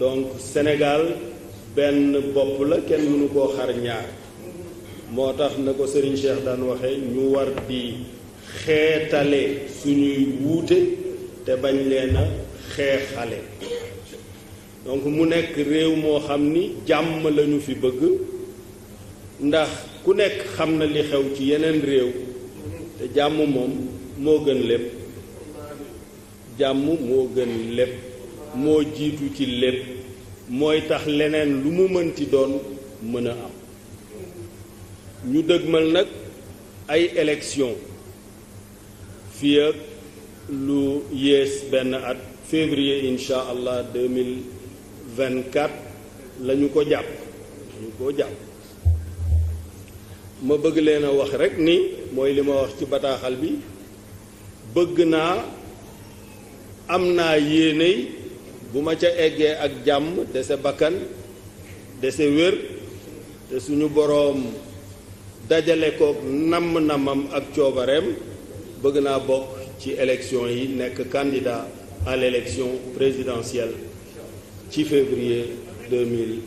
donc Sénégal benn bopp la kenn mënu koo xar ñaar moo tax na ko Serigne Cheikh daan waxee ñu war di xeetale suñuy wuute te bañ leen a xeexale donc mu nekk réew moo xam ni jàmm lañu fi bëgg ndax ku nekk xam na li xew ci yeneen réew te jàmm moom moo gën lépp jàmm moo gën lépp moo jiitu ci lépp mooy tax leneen lu mu mënti doon mën a am ñu dëgmal nag ay élection fii lu yées benn at février incha allah 2024 la ñu ko jàpp ñu ko ma bëgg leen a wax rekk ni mooy li ma wax ci bataaxal bi bëgg naa am naa yéeney bu ma ca eggee ak jàmm dese bakkan dese wér te suñu boroom dajale ko namm-namam ak coobareem bëgg naa bokk ci élection yi nekk candidat à l'élection présidentielle ci février